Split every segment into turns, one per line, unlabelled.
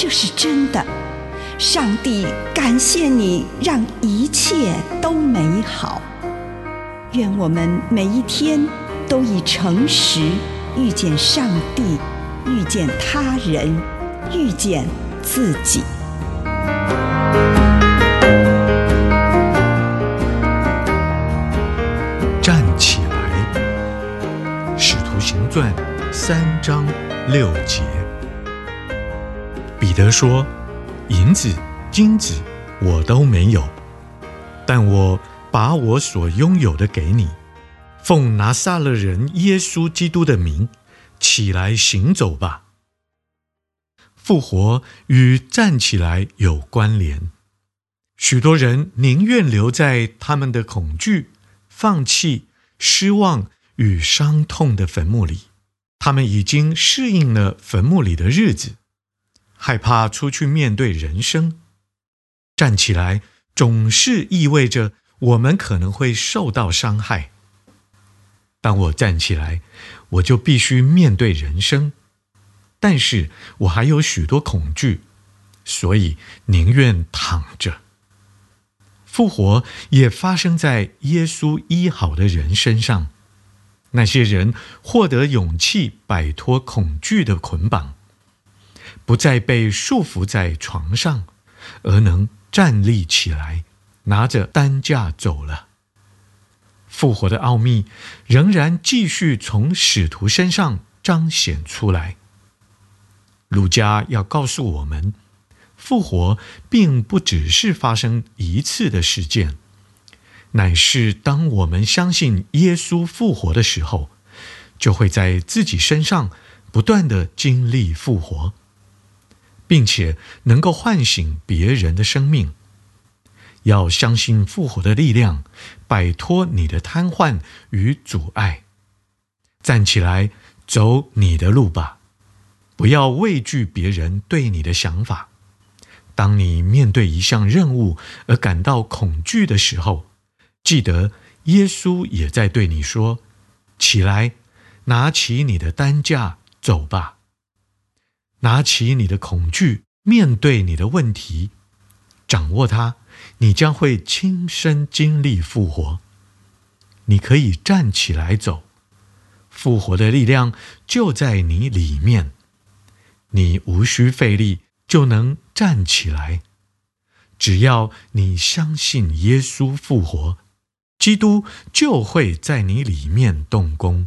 這是真的，上帝感謝你讓一切都美好。願我們每一天都以誠實遇見上帝，遇見他人，遇見自己。
站起來，《使徒行傳》三章六節。彼得說：“銀子、金子，我都沒有，但我把我所擁有的給你。奉拿撒勒人耶穌基督的名，起來行走吧。復活與站起來有關聯。許多人寧願留在他們的恐懼、放棄、失望與傷痛的墳墓裡，他們已經適應了墳墓裡的日子。”害怕出去面對人生，站起來總是意味着我們可能會受到傷害。當我站起來，我就必須面對人生，但是我還有許多恐懼，所以寧願躺着。復活也發生在耶穌醫好的人身上，那些人獲得勇氣，擺脫恐懼的捆綁。不再被束縛在床上，而能站立起來，拿着擔架走了。復活的奧秘仍然繼續從使徒身上彰顯出來。路加要告訴我們，復活並不只是發生一次的事件，乃是當我們相信耶穌復活的時候，就會在自己身上不斷地經歷復活。並且能夠喚醒別人的生命，要相信復活的力量，擺脫你的癱瘓與阻礙，站起來走你的路吧！不要畏懼別人對你的想法。當你面對一項任務而感到恐懼的時候，記得耶穌也在對你說：“起來，拿起你的擔架，走吧。”拿起你的恐懼，面對你的問題，掌握它，你將會親身經歷復活。你可以站起來走，復活的力量就在你裡面，你無需費力就能站起來。只要你相信耶穌復活，基督就會在你裡面動工。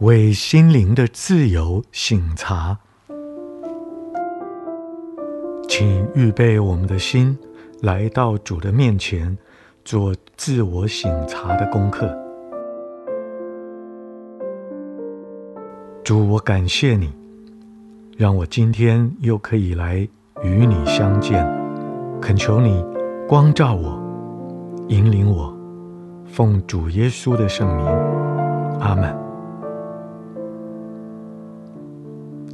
為心靈的自由省察。請預備我們的心，來到主的面前，做自我省察的功課。主，我感謝你，讓我今天又可以來與你相見。懇求你光照我，引領我，奉主耶穌的聖名，阿門。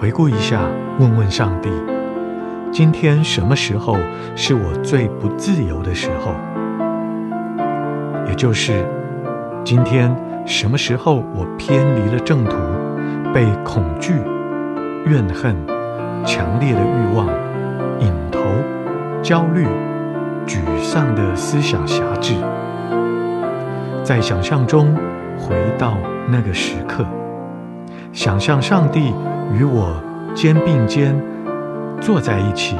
回顧一下，問問上帝，今天什麼時候是我最不自由的時候？也就是今天什麼時候我偏離了正途，被恐懼、怨恨、強烈的欲望、癮頭、焦慮、沮喪的思想轄制？在想象中回到那個時刻，想象上帝。與我肩並肩坐在一起，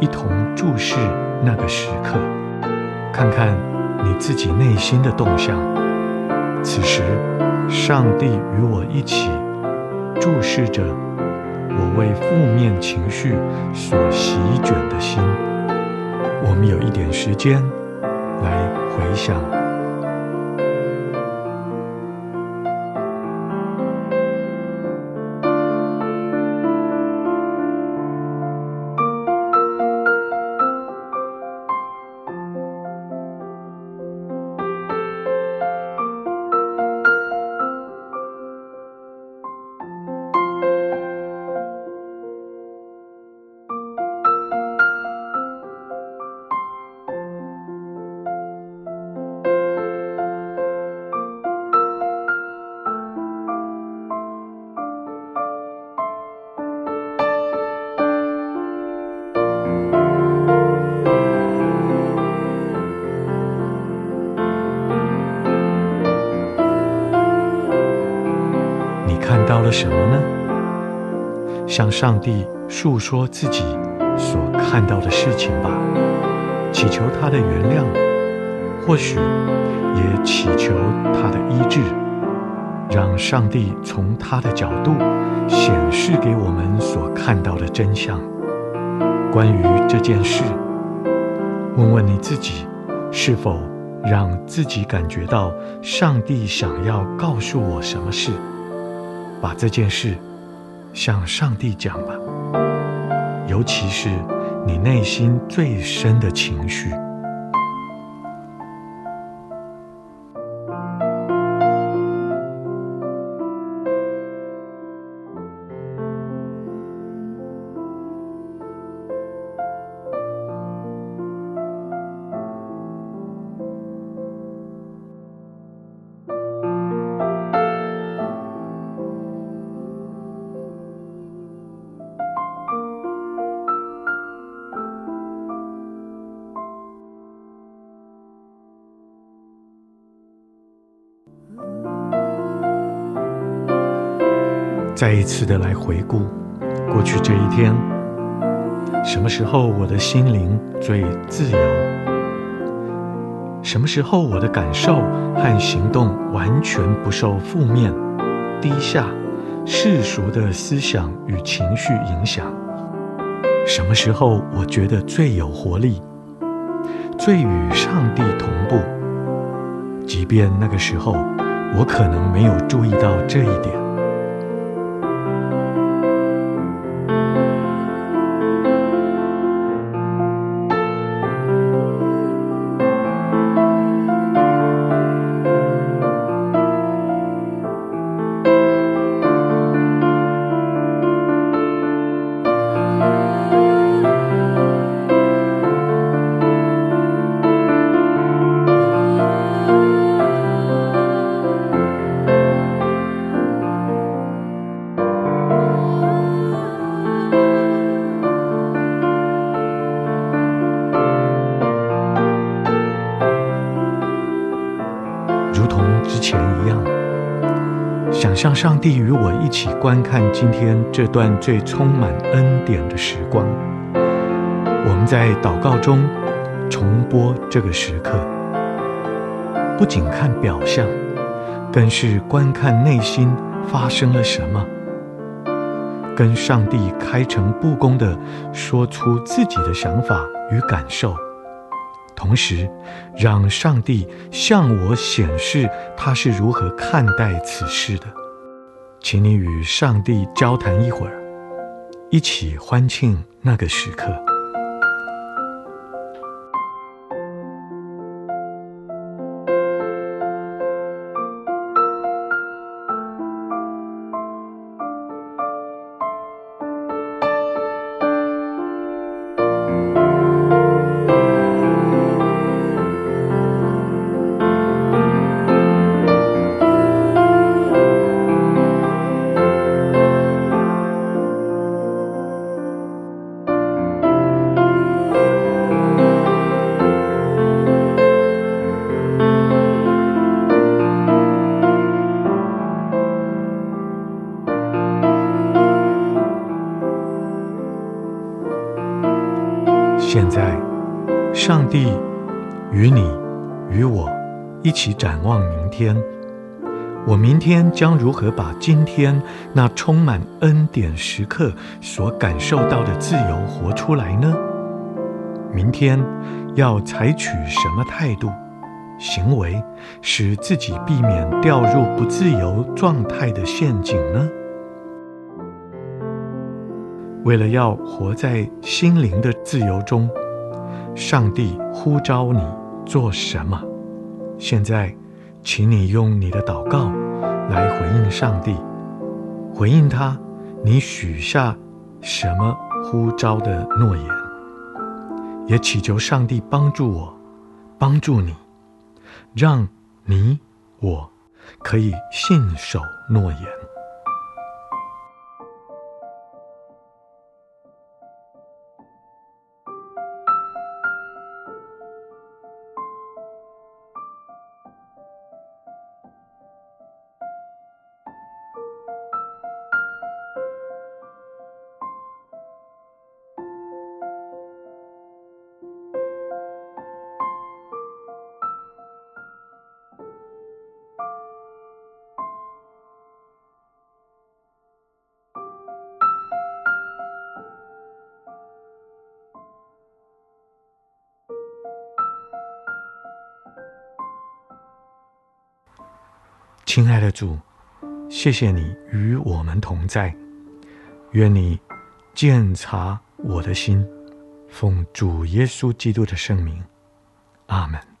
一同注視那個時刻，看看你自己內心的動向。此時，上帝與我一起注視着我為負面情緒所席捲的心。我們有一點時間來回想。向上帝述說自己所看到的事情吧，祈求他的原諒，或許也祈求他的醫治，讓上帝從他的角度顯示給我們所看到的真相。關於這件事，問問你自己，是否讓自己感覺到上帝想要告訴我什麼事？把這件事。向上帝講吧，尤其是你內心最深的情緒。再一次的來回顧過去這一天，什麼時候我的心靈最自由？什麼時候我的感受和行動完全不受負面、低下、世俗的思想與情緒影響？什麼時候我覺得最有活力，最與上帝同步？即便那個時候，我可能沒有注意到這一點。讓上帝與我一起觀看今天這段最充滿恩典的時光。我們在禱告中重播這個時刻，不僅看表象，更是觀看內心發生了什麼。跟上帝開誠布公地說出自己的想法與感受，同時讓上帝向我顯示他是如何看待此事的。請你與上帝交談一會兒，一起歡慶那個時刻。現在，上帝與你、與我一起展望明天。我明天將如何把今天那充滿恩典時刻所感受到的自由活出來呢？明天要採取什麼態度、行為，使自己避免掉入不自由狀態的陷阱呢？為了要活在心靈的自由中，上帝呼召你做什麼？現在，請你用你的禱告來回應上帝，回應他。你許下什麼呼召的諾言？也祈求上帝幫助我，幫助你，讓你我可以信守諾言。親愛的主，謝謝你與我們同在，願你鑒察我的心，奉主耶穌基督的聖名，
阿門。